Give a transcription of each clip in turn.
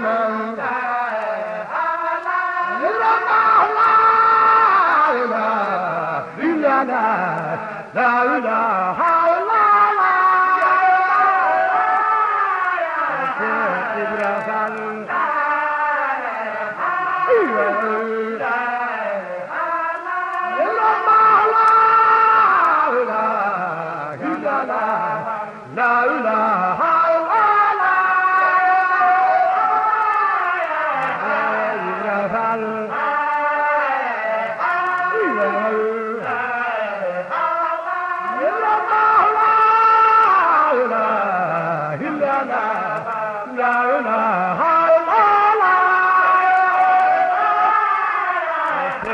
la la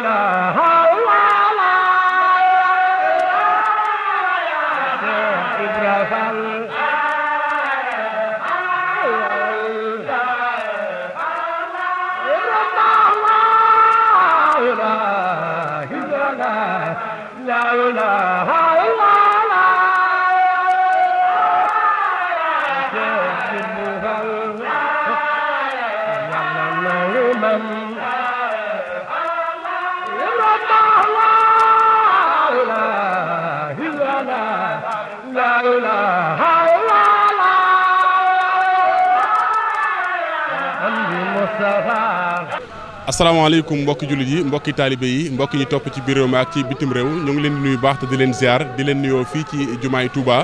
la asalaamaaleykum mbokki jullit yi mbokki taalibe yi mbokki ñi topp ci biir réew mi ak ci bitim réew ñu ngi leen di nuyu baax te di leen ziar di leen nuyoo fii ci jumaay Touba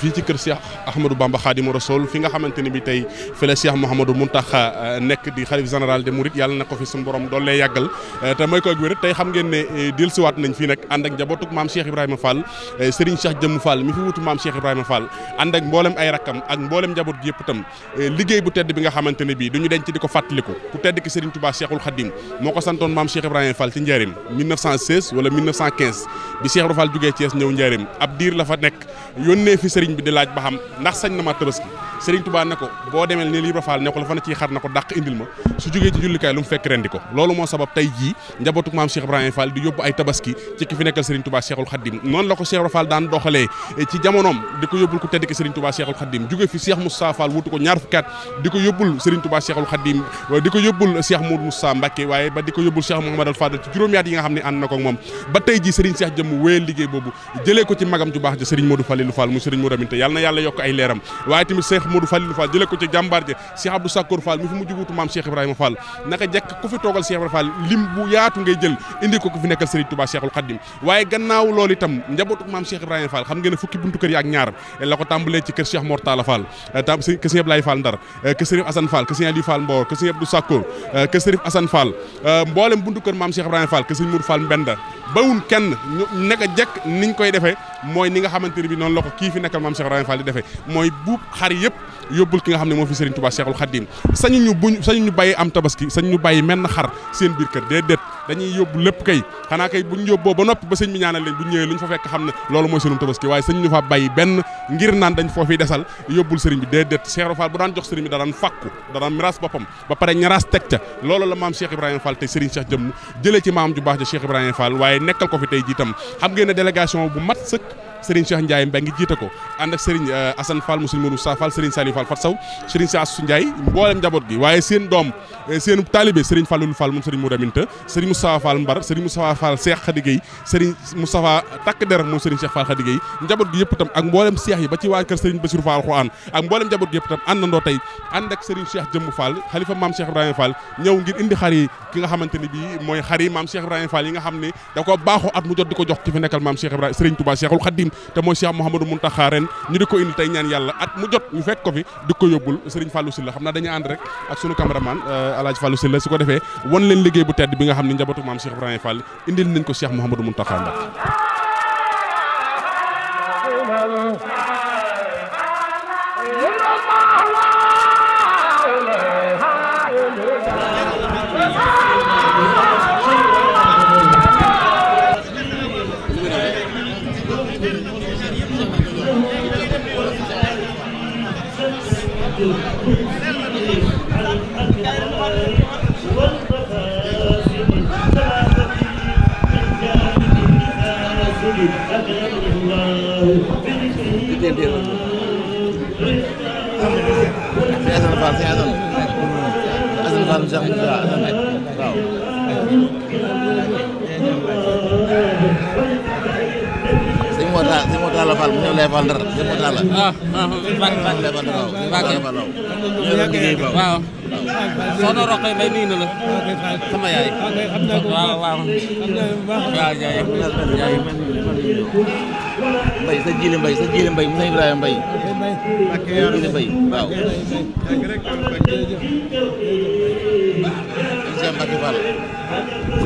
fii ci kër Cheikh Ahmadou Bamba Khadim Rasoul fi nga xamante ne bi tey fi la Cheikh Mouhamadou tax euh, nekk di xalif général des Mourides yàlla na ko fi suñu borom doolee yàggal euh, te may ko ak wér tey xam ngeen ne euh, dellusiwaat nañ fii nag ànd ak njabootug maam Cheikh Ibrahima Fall Serigne Cheikh Jëmm Fall mi fi wutu maam Cheikh Ibrahima Fall ànd ak mboolem ak mboolem njaboot gi yëpp itam bu tedd bi nga xamante ne bi duñu denc ko fàttaliku ku tedd ki Serigne moo ko santoon maam Cheikh Ibrahima Fall ci Njaareem 1916 wala 1915 bi Cheikh Ibrahima Fall jugee Thiès ñëw Njaareem ab diir la fa nekk yónnee fi sëriñ bi di laaj ba xam ndax sañ na ma tabaski Serigne Touba nako bo demel ni libre Fall nako la fa ci xar nako dak indil ma su joge ci julli kay lu mu fekk rendi ko loolu moo sabab tay ji njabotuk mam Cheikh ibrahim Fall di yóbbu ay tabaski ci ki fi nekkal Serigne Touba Cheikhul Khadim non la ko Cheikh Fall dan doxale ci jamonom diko yobul ku teddi ki Serigne Touba Cheikhul Khadim jóge fi Cheikh Moussa Fall wutu ko ñaar fu kat diko yobul Serigne Touba Cheikhul Khadim di ko yóbbul Cheikh mourou Moussa Mbacké waye ba diko yobul cheikh Cheikh al Fadal ci juroom yaat yi nga xamni ànd nako ak mom ba tay ji Serigne Cheikh jëmm wéel liggéey bobu jëlé ko ci magam ju bax ci Serigne Modou Falilou Fall mu Serigne Modou Aminta yàlla na yàlla yok ay leeram waaye tamit moo Modou Fallilou Fall jëlee ko ci jàmbaar ja Cheikh Abdou Sakkour Fall mi fi mujj wuutu maam Cheikh Ibrahima Fall naka jekk ku fi toogal Cheikh Ibrahima Fall indi ko ku fi nekkal Serigne Touba Cheikhul Khadim waaye gannaaw loolu itam njabootu maam Cheikh Ibrahima Fall xam ngeen ne fukki ak ñaar la ko tàmbalee ci kër Cheikh Mortala Fall eh, tam kër Serigne Ablaye Fall Ndar eh, kër Serigne Assane Fall kër Serigne Aliou Fall Mbor kër Serigne Abdou Sakkour eh, kër Serigne Assane Fall mboolem buntu kër maam Cheikh Ibrahima Fall kër Serigne Modou Fall Mbenda bawun kenn naka jekk niñ koy defee mooy ni nga xamante ne bi noonu la ko kii fi nekkal maam Cheikh Ibrahima Fall di defee mooy bu xar yëpp yóbbul ki nga xam ne moo fi Serigne Touba Cheikhul Khadim sañu ñu buñ sañu ñu bàyyi am tabaski sañu ñu bàyyi menn xar seen biir kër dee déedéet dañuy yóbbu lépp kay xanaa kay buñ yóbboo ba noppi ba sëñ bi ñaanal leen buñ ñëwee luñ fa fekk xam ne loolu mooy sënum tabaski waaye sëñ ñu fa bàyyi benn ngir naan dañ foofiy desal yóbbul sëriñ bi déedéet Cheikh Fall bu daan jox sëriñ bi da daan fàkku da daan miras boppam ba pare ñaraas teg ca loolu la maam Cheikh Ibrahima Fall tey sëriñ Cheikh jëmm jëlee ci maam ju baax ja Cheikh Ibrahima Fall waaye nekkal ko fi tey jiitam xam ngeen ne bu mat sëkk Serigne Cheikh Ndiaye Mbengue jiite ko ànd ak Serigne euh, Assane Fall mu Serigne Modou Sa Fall Serigne Saliou Fall Fat Saw Serigne mboolem njaboot gi waaye seen doom euh, seen taalibe Serigne Falloul Fall moom moom Serigne yi ba ci waa kër Serigne Bassirou Fall Alxuraan ak mboolem njaboot gi yëpp itam àndandoo tey ànd ak Serigne Cheikh Jëmm Fall xalifa maam Cheikh yi ki nga xamante ne bii mooy xar yi maam Cheikh Ibrahima Fall yi nga xam ne da ko baaxoo at mu jot di ko te mooy Cheikh Mouhamadou Mountakha ren ñu di ko indi tey ñaan yàlla at mu jot ñu fekk ko fi di ko yóbbul Serigne Fallou Sylla xam naa dañu ànd rek ak sunu cameraman euh, Alaaji si Sylla su ko defee wan leen liggéey bu tedd bi nga xam ne njabootu maam Cheikh Ibrahima Fall indil nañ ko Cheikh Mouhamadou Mountakha Mbacké waaw soxna Roqe Mbaye nuyu na la sama yaay waaw waaw waaw jaay jaay Mbaye sa jiile Mbaye sa jiile Mbaye Moussa Ibrahima Mbaye jiile Mbaye waaw Moussa Mbacke Fall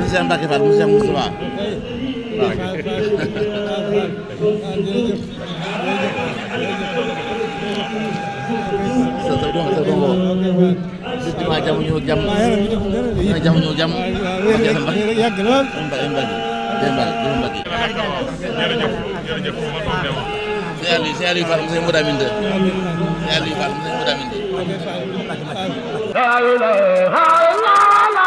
Moussa Mbacke Fall Moussa Moussa waaw jumaa jam ñu jam jam ñu jam yàgg na mbay mbay mbay mbay jërëjëf jërëjëf ma toog dewa Sali Sali Fall Moussa Mouda Minde Sali Fall Moussa Mouda Minde La ilaha illallah la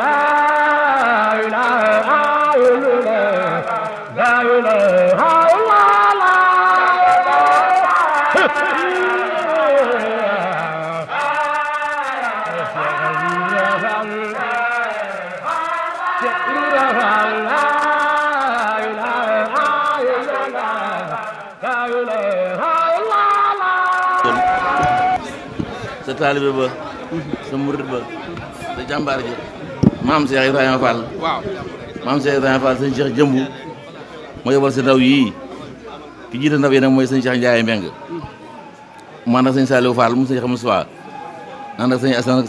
la taalibe ba sa murit ba sa jàmbaar ji maam Cheikh Ibrahima Fall waaw maam Cheikh Ibrahima Fall sëñ Cheikh jëmbu moo yebal si ndaw yii ki jiite ndaw yi nag mooy sëñ Cheikh Ndiaye Mbeng mu ànd ak sëñ Saliou Fall mu sëñ Cheikh Moussa ànd ak sëñ Assane ak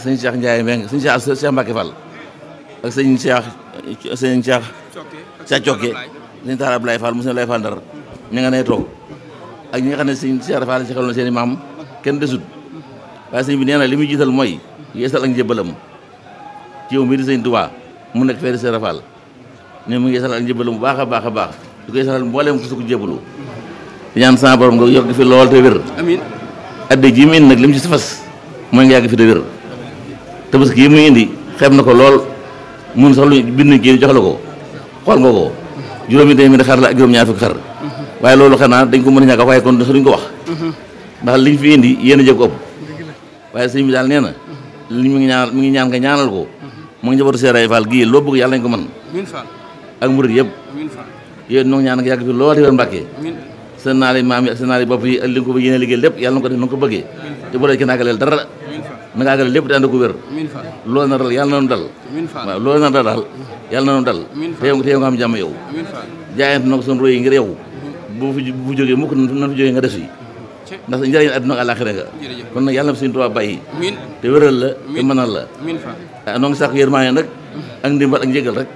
sëñ Cokke sëñ Taara Ablaye Fall mu sëñ Ablaye Fall Ndar ñu nga toog ak ñi xam ne sëñ Cheikh Fall si xeloon seen maam kenn desut waaye sëñ bi nee na li muy jiital mooy yeesal ak njëbalam ci yow mbiri sëñ Tuubaa mu nekk feeri seen rafal ne mu ngi yeesal ak njëbalam bu baax a baax a baax di ku su ko ñaan sama borom nga yokk fi lool te wér amiin adde ji miin nag li mu ci fas mooy nga yàgg fi te wér te parce que yi indi xeeb na ko mun sax lu bind kii jox la ko xool nga ko juróomi téeméeri xar la ak juróom-ñaar fukki xar waaye loolu xanaa dañ ko mën a ñàkk kon suñ ko wax ndax liñ fi indi yéen a ko waaye sëñ bi daal nee na li mu ngi ñaan mi ñaan nga ñaanal ko mu ngi njabootu seeraay Fall gii loo bëgg yàlla nañ ko mën ak murid yëpp yooyu noo ngi ñaan nga yàgg fi lool te wér Mbàkke sa naa li maam yi seen naa li bopp yi ak li nga ko yéene liggéey na ko def na nga bëggee te bu dee kenn àggaleel dara na nga àggale lépp te ko wér loolu na dal yàlla na nu dal waaw loolu na dal daal yàlla na nu dal te yow nga am jàmm yow jaayante na ko seen roy yi ngir yow bu fi ndax njëriñ adduna ak àllaaxira nga kon nag yàlla na suñu tubaab bàyyi te wéral la te mënal la ah noo ngi sax yërmaane nag ak ndimbal ak njëgal rek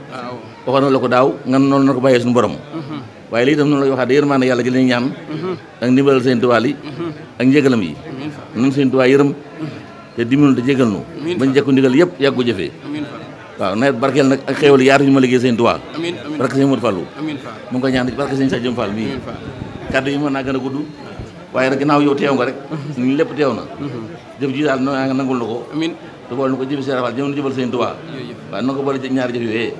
waxoon na la ko daaw nga noonu na ko bàyyee suñu borom mhm. waaye lii tam noonu la waxaat da yërmaane yàlla jëlee ñaan mhm. ak ndimbalal seen tubaab yi mhm. ak njëgalam yi nan seen tubaab yërëm te diminu te jégal nu bañ jekku ndigal yëpp yàggu jëfee waaw nawet barkeel nag ak xéewal yaatu ñu ma liggéey seen tubaab barke sëñ Modou Fallou mu ngi ko ñaan barke sëñ Sadio Fall mii kàddu yi a waaye nag ginnaaw yow teew nga rek ñu lépp teew na mhm. jëf ji daal noonu yaa nga nangul na ko amiin te boole na ko jëfi seerafal jëm na jëbal sëñ Tuubaa waaw na nga ko boole ñaari jëf yooyee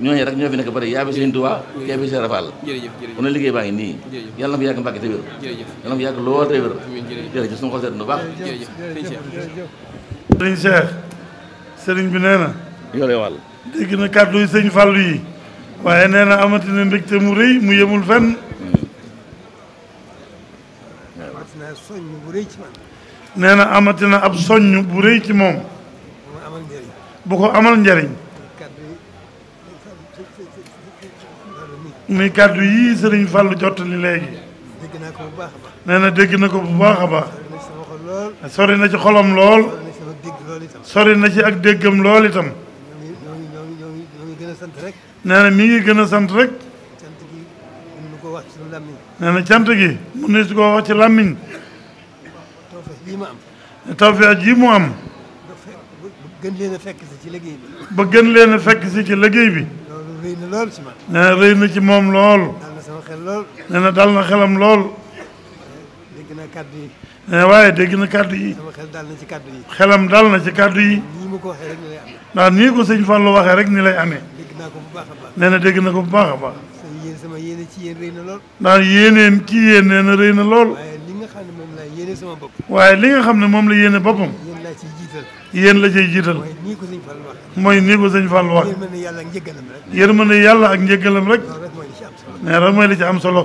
ñooñu rek ñoo fi nekk bari yaa fi sëñ Tuubaa yaa fi seerafal ku ne liggéey baa ngi nii yàlla na fi yàgg mbàkke te wér yàlla na fi yàgg lool te wér jërëjëf suñu xol seet na baax sëriñ Cheikh sëriñ bi nee na yore wàll dégg na kàddu yi sëñ Fàllu yi waaye nee na amati na mbégte mu soññ na amati na ab soññ bu rëy ci moom. bu ko amal njariñ. muy kàddu yii sëriñ Fallou jottali léegi. nee na dégg na ko bu baax a baax. sori na ci xolam lool. sori na ci ak déggam lool itam. nee na mi ngi gën a sant rek. nee na cant gi mu ne su koo wax ci làmmiñ ji ma am. tawfeex ji mu am. ba gën leen a fekk si ci liggéey bi. ba gën leen a fekk si ci liggéey bi. loolu rëy na lool ci man. nee na rëy na ci moom lool. dal na sama xel lool. nee na dal na xelam lool. dégg na kàddu yi. nee waaye dégg na kàddu yi. sama xel dal na ci kàddu yi. xelam dal na ci kàddu yi. nii ma ko waxee rek ni lay amee. ndax nii ko sëñ Fallou waxee rek ni lay amee. dégg naa ko bu baax a baax. nee na dégg na ko bu baax a baax. sama yéene ci yéen rëy na lool. ndax yéeneen ci yéen nee na rëy na lool. xam ne moom la yéene sama waaye li nga xam ne moom la yéene boppam. yéen laa ciy jiital. yéen la ciy jiital. mooy nii ko sëñ Fall wax. mooy nii ko sëñ Fall wax. yërmande yàlla ak njëggalam a yërmande yàlla ak njëggalam rek. nee rek mooy li ci am solo.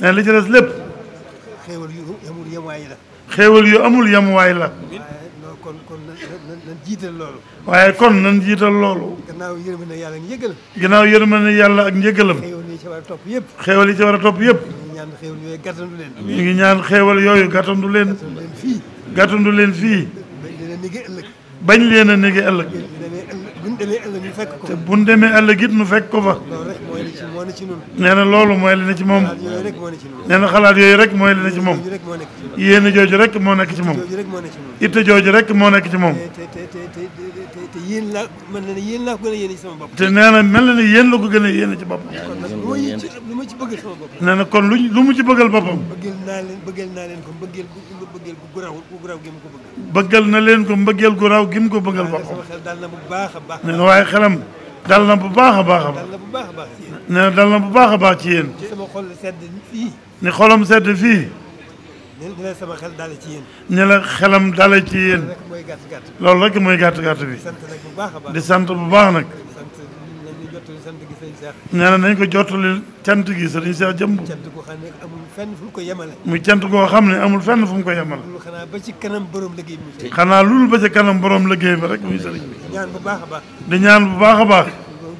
nee li ci des lépp. xéewal yu amul yamuwaay la. xéewal yu amul yamuwaay la. kon kon nan jiital loolu. waaye kon nan jiital loolu. gannaaw yërmande yàlla ak njëggalam. gannaaw yërmande yàlla ak njëggalam. xéewal yi ci war a topp yëpp. xéewal yi ci ñaan xéewal yooyu gàttandu leen. ñu ngi ñaan xéewal yooyu gàttandu leen. gàttandu leen fii. gàttandu leen fii. bañ leen a négé ëllëg. bañ leen a négé ëllëg. buñ demee ëllëg ñu fekk ko te buñ demee ëllëg it ñu fekk ko fa. loolu rek mooy li ne nee na loolu mooy li ne ci moom. nee na xalaat yooyu rek mooy li ne ci moom. yéen jooju rek moo nekk ci moom. itte jooju rek moo nekk ci moom. yéen laa mel na ne yéen laa ko gën a yéene ci sama bopp. te nee na mel na ne yéen la ko gën a yéene ci boppam. kon nag lu ma ci bëggal sama bopp. nee na kon lu lu mu ci bëggal boppam. bëggal naa leen bëggal naa leen ko mbëggeel gu mbëggeel gu raw gu raw gi mu ko bëggal. bëggal na leen ko mbëggeel gu raw gi mu ko bëggal boppam. sama xel dal na bu baax a baax. nee na waaye xelam dal na bu baax a baax a baax. dal na bu baax a baax ci yéen. nee na dal na bu baax a baax ci yéen. ne xolam sedd fii. ñu ne sama xel dale ci yéen. ñu ne xelam dale ci yéen. loolu rek mooy gàtt gàtt bi. di sant bu baax nag. nee na nañ ko jottali cant gi sëriñ Cheikh jëmb. muy cant goo xam ne amul fenn fu ko yemal. xanaa ba ci kanam borom liggéey bi. xanaa loolu ba ci kanam borom liggéey bi rek muy sëriñ bi. di ñaan bu baax a baax. di ñaan baax a baax.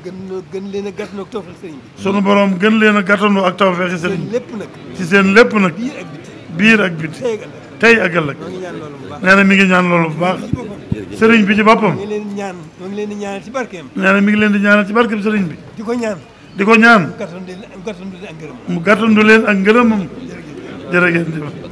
gën gën leen a gàttandoo ak tawfeexi sëriñ bi. sunu borom gën leen a gàttandoo ak tawfeexi sëriñ bi. ci seen lépp nag. biir ak biti tey ak ëllëg nee na mi ngi ñaan loolu bu baax sëriñ bi ci boppam nee na mi ngi leen di ñaanal ci barkeem sëriñ bi di ko ñaan di ko ñaan mu gàttandu leen ak ngërëmam jërëjëf